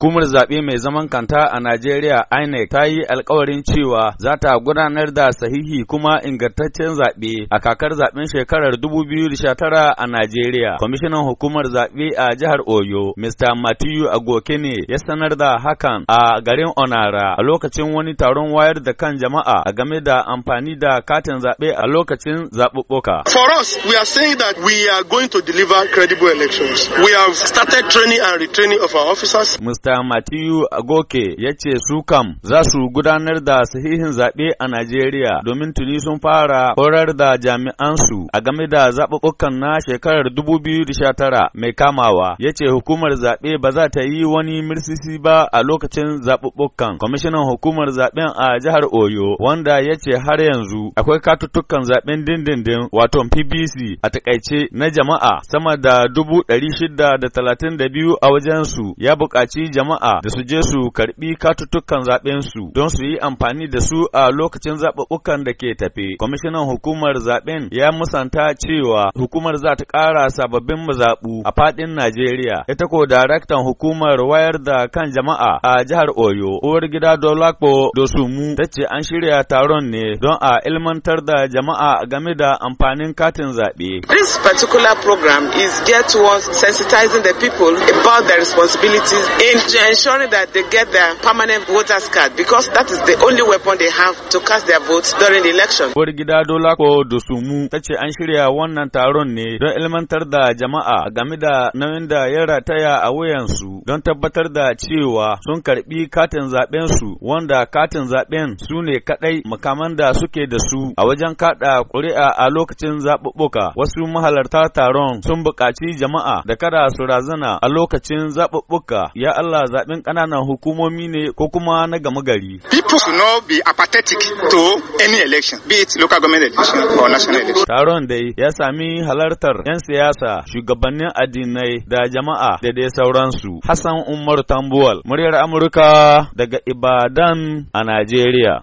Hukumar zaɓe mai zaman kanta a Najeriya INEC ta yi alkawarin cewa za ta gudanar da sahihi kuma ingantaccen zaɓe a kakar zaɓen shekarar 2019 a Najeriya. Kwamishinan hukumar zaɓe a jihar Oyo, Mr. Matiyu Agokene ya sanar da hakan a garin Onara a lokacin wani taron wayar da kan jama'a a game da amfani da katin zaɓe a lokacin zaɓuɓɓuka. For us, we are saying that we are going to deliver credible elections. We have started training and retraining of our officers. Mr. Dr. Matiyu Agoke ya ce su kam za su gudanar da sahihin zaɓe a Najeriya domin tuni sun fara horar da jami'ansu a game da zaɓuɓɓukan na shekarar 2019 mai kamawa. Ya ce hukumar zaɓe ba za ta yi wani mirsisi ba a lokacin zaɓuɓɓukan. Kwamishinan hukumar zaɓen a jihar Oyo wanda ya ce har yanzu akwai katuttukan zaɓen dindindin wato PBC a takaice na jama'a sama da dubu ɗari shida da talatin da biyu a wajensu ya buƙaci jama'a da su je su karbi katutukan zaben su don su yi amfani da su a lokacin zaɓuɓɓukan da ke tafe. Kwamishinan hukumar zaben ya musanta cewa hukumar za ta kara sababbin mazabu a faɗin Najeriya. Ita ko daraktan hukumar wayar da kan jama'a a jihar Oyo, uwar gida Dolapo Dosumu ta ce an shirya taron ne don a ilmantar da jama'a game da amfanin katin zaɓe. This particular program is geared towards sensitizing the people about their responsibilities in To ensuring that they get their permanent voters card because that is the only weapon they have to cast their votes during the election. Uwar gida dola Dolako mu ta ce an shirya wannan taron ne don ilmantar da jama'a game da nauyin da ya rataya a wuyansu don tabbatar da cewa sun karbi katin zaben su wanda katin zaben su ne kadai makaman da suke da su a wajen kada ƙuri'a a lokacin zaɓuɓɓuka. Wasu mahalarta taron sun buƙaci jama'a da kada su razana a lokacin zaɓuɓɓuka. Ya Allah Allah zaɓen ƙananan hukumomi ne ko kuma na gama gari. People should not be apathetic to any election, be it local government election or national election. Taron dai ya sami halartar 'yan siyasa, shugabannin addinai da jama'a da dai sauransu. Hassan Umar Tambuwal, muryar Amurka daga Ibadan a Najeriya.